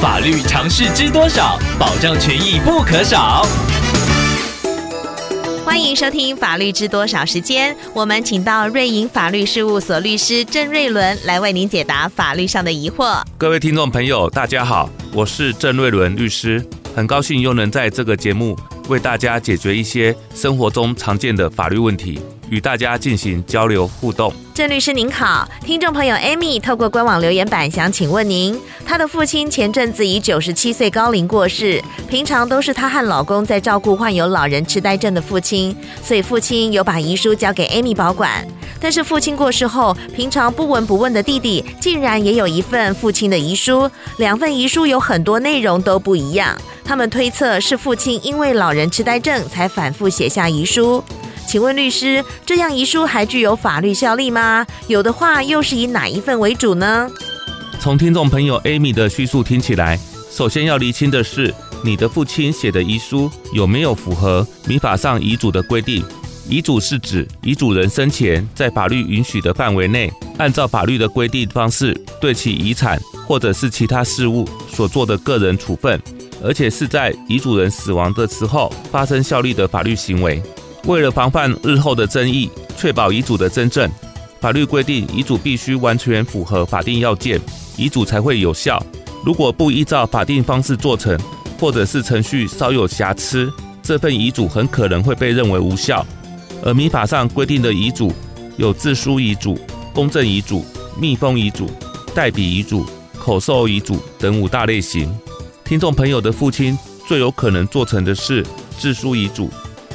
法律常識知多少，保障權益不可少。歡迎收聽《法律知多少》時間，我們請到瑞瀛法律事務所律師鄭瑞崙來為您解答法律上的疑惑。各位聽眾朋友，大家好，我是鄭瑞崙律師，很高興又能在這個節目為大家解決一些生活中常見的法律問題。與大家進行交流互動。鄭律師您好，聽眾朋友 Amy 透過官網留言板想請問您，她的父親前陣子以九十七歲高齡過世，平常都是她和老公在照顧患有老人痴呆症的父親，所以父親有把遺書交給 Amy 保管。但是父親過世後，平常不聞不問的弟弟竟然也有一份父親的遺書，兩份遺書有很多內容都不一樣。他們推測是父親因為老人痴呆症才反覆寫下遺書。請問律師，這樣遺書還具有法律效力嗎？有的話，又是以哪一份為主呢？從聽眾朋友 Amy 的敘述聽起來，首先要釐清的是，你的父親寫的遺書有沒有符合民法上遺囑的規定？遺囑是指遺囑人生前在法律允許的範圍內，按照法律的規定方式對其遺產或者是其他事務所做的個人處分，而且是在遺囑人死亡的時候發生效力的法律行為。為了防範日後的爭議，確保遺囑的真正，法律規定遺囑必須完全符合法定要件，遺囑才會有效。如果不依照法定方式做成，或者是程序稍有瑕疵，這份遺囑很可能會被認為無效。而民法上規定的遺囑有自書遺囑、公證遺囑、密封遺囑、代筆遺囑、口授遺囑等五大類型。聽眾朋友的父親最有可能做成的是自書遺囑。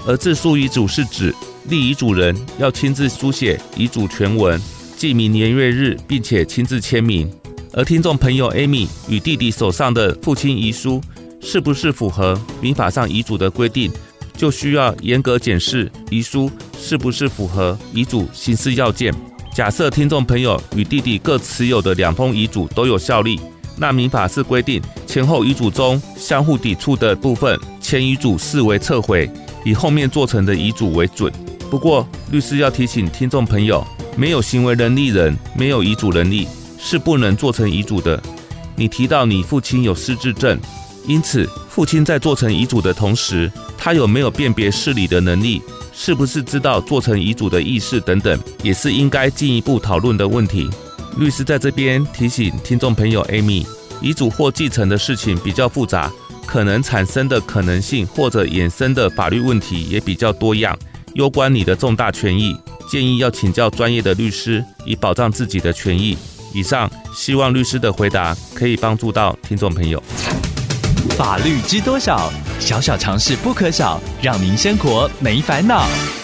而自書遺囑是指立遺囑人要親自書寫遺囑全文，記明年月日，並且親自簽名。而聽眾朋友 Amy 與弟弟手上的父親遺書是不是符合民法上遺囑的規定，就需要嚴格檢視遺書是不是符合遺囑形式要件。假設聽眾朋友與弟弟各持有的兩封遺囑都有效力，那民法是規定前後遺囑中相互抵觸的部分，前遺囑視為撤回。以後面做成的遺囑為準。不過，律師要提醒聽眾朋友，沒有行為能力人沒有遺囑能力是不能做成遺囑的。你提到你父親有失智症，因此父親在做成遺囑的同時，他有沒有辨別事理的能力，是不是知道做成遺囑的意識等等，也是應該進一步討論的問題。律師在這邊提醒聽眾朋友，Amy，遺囑或繼承的事情比較複雜。可能產生的可能性或者衍生的法律問題也比較多樣，攸關你的重大權益，建議要請教專業的律師，以保障自己的權益。以上，希望律師的回答可以幫助到聽眾朋友。法律知多少？小小常識不可少，讓您生活沒煩惱。